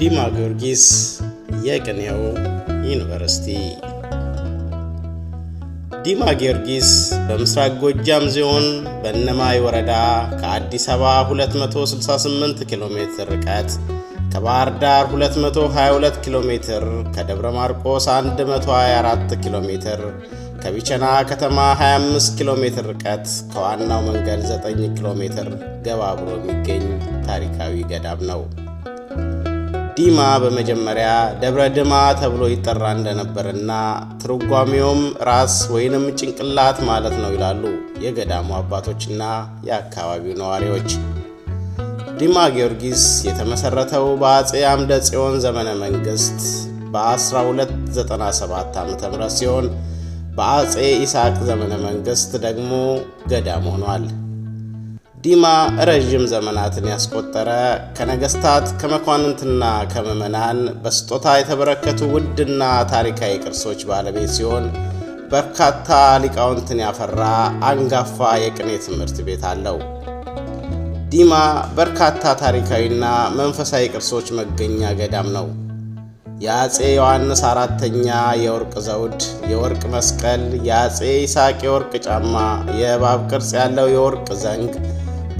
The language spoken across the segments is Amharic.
ዲማ ጊዮርጊስ የቅኔው ዩኒቨርሲቲ ዲማ ጊዮርጊስ በምስራቅ ጎጃም ዞን በእነማይ ወረዳ ከአዲስ አበባ 268 ኪሎ ሜትር ርቀት ከባህር ዳር 222 ኪሎ ሜትር ከደብረ ማርቆስ 124 ኪሎ ሜትር ከቢቸና ከተማ 25 ኪሎ ሜትር ርቀት ከዋናው መንገድ 9 ኪሎ ሜትር ገባ ብሎ የሚገኝ ታሪካዊ ገዳም ነው። ዲማ በመጀመሪያ ደብረ ድማ ተብሎ ይጠራ እንደነበርና ትርጓሜውም ራስ ወይንም ጭንቅላት ማለት ነው ይላሉ የገዳሙ አባቶችና የአካባቢው ነዋሪዎች። ዲማ ጊዮርጊስ የተመሠረተው በአጼ አምደ ጽዮን ዘመነ መንግሥት በ1297 ዓ ም ሲሆን በአጼ ይስሐቅ ዘመነ መንግሥት ደግሞ ገዳም ሆኗል። ዲማ ረዥም ዘመናትን ያስቆጠረ ከነገሥታት ከመኳንንትና ከምዕመናን በስጦታ የተበረከቱ ውድና ታሪካዊ ቅርሶች ባለቤት ሲሆን በርካታ ሊቃውንትን ያፈራ አንጋፋ የቅኔ ትምህርት ቤት አለው። ዲማ በርካታ ታሪካዊና መንፈሳዊ ቅርሶች መገኛ ገዳም ነው። የአጼ ዮሐንስ አራተኛ የወርቅ ዘውድ፣ የወርቅ መስቀል፣ የአጼ ይስሐቅ የወርቅ ጫማ፣ የእባብ ቅርጽ ያለው የወርቅ ዘንግ፣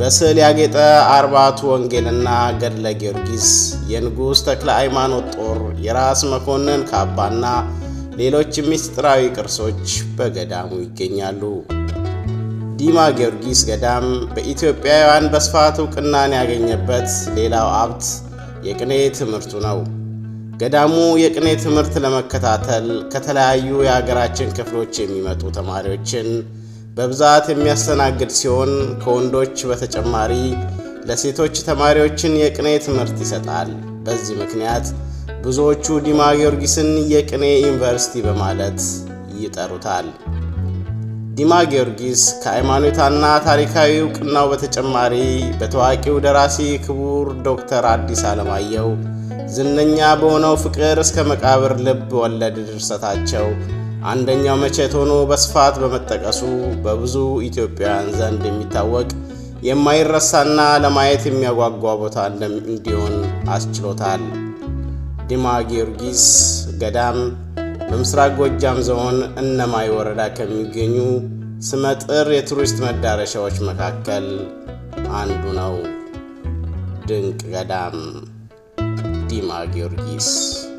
በስዕል ያጌጠ አርባቱ ወንጌልና ገድለ ጊዮርጊስ፣ የንጉሥ ተክለ ሃይማኖት ጦር፣ የራስ መኮንን ካባና ሌሎች ምስጢራዊ ቅርሶች በገዳሙ ይገኛሉ። ዲማ ጊዮርጊስ ገዳም በኢትዮጵያውያን በስፋት እውቅናን ያገኘበት ሌላው ሀብት የቅኔ ትምህርቱ ነው። ገዳሙ የቅኔ ትምህርት ለመከታተል ከተለያዩ የሀገራችን ክፍሎች የሚመጡ ተማሪዎችን በብዛት የሚያስተናግድ ሲሆን ከወንዶች በተጨማሪ ለሴቶች ተማሪዎችን የቅኔ ትምህርት ይሰጣል። በዚህ ምክንያት ብዙዎቹ ዲማ ጊዮርጊስን የቅኔ ዩኒቨርሲቲ በማለት ይጠሩታል። ዲማ ጊዮርጊስ ከሃይማኖታና ታሪካዊ እውቅናው በተጨማሪ በታዋቂው ደራሲ ክቡር ዶክተር አዲስ አለማየው። ዝነኛ በሆነው ፍቅር እስከ መቃብር ልብ ወለድ ድርሰታቸው አንደኛው መቼት ሆኖ በስፋት በመጠቀሱ በብዙ ኢትዮጵያውያን ዘንድ የሚታወቅ የማይረሳና ለማየት የሚያጓጓ ቦታ እንዲሆን አስችሎታል። ዲማ ጊዮርጊስ ገዳም በምስራቅ ጎጃም ዞን እነማይ ወረዳ ከሚገኙ ስመጥር የቱሪስት መዳረሻዎች መካከል አንዱ ነው። ድንቅ ገዳም Mar Georgis.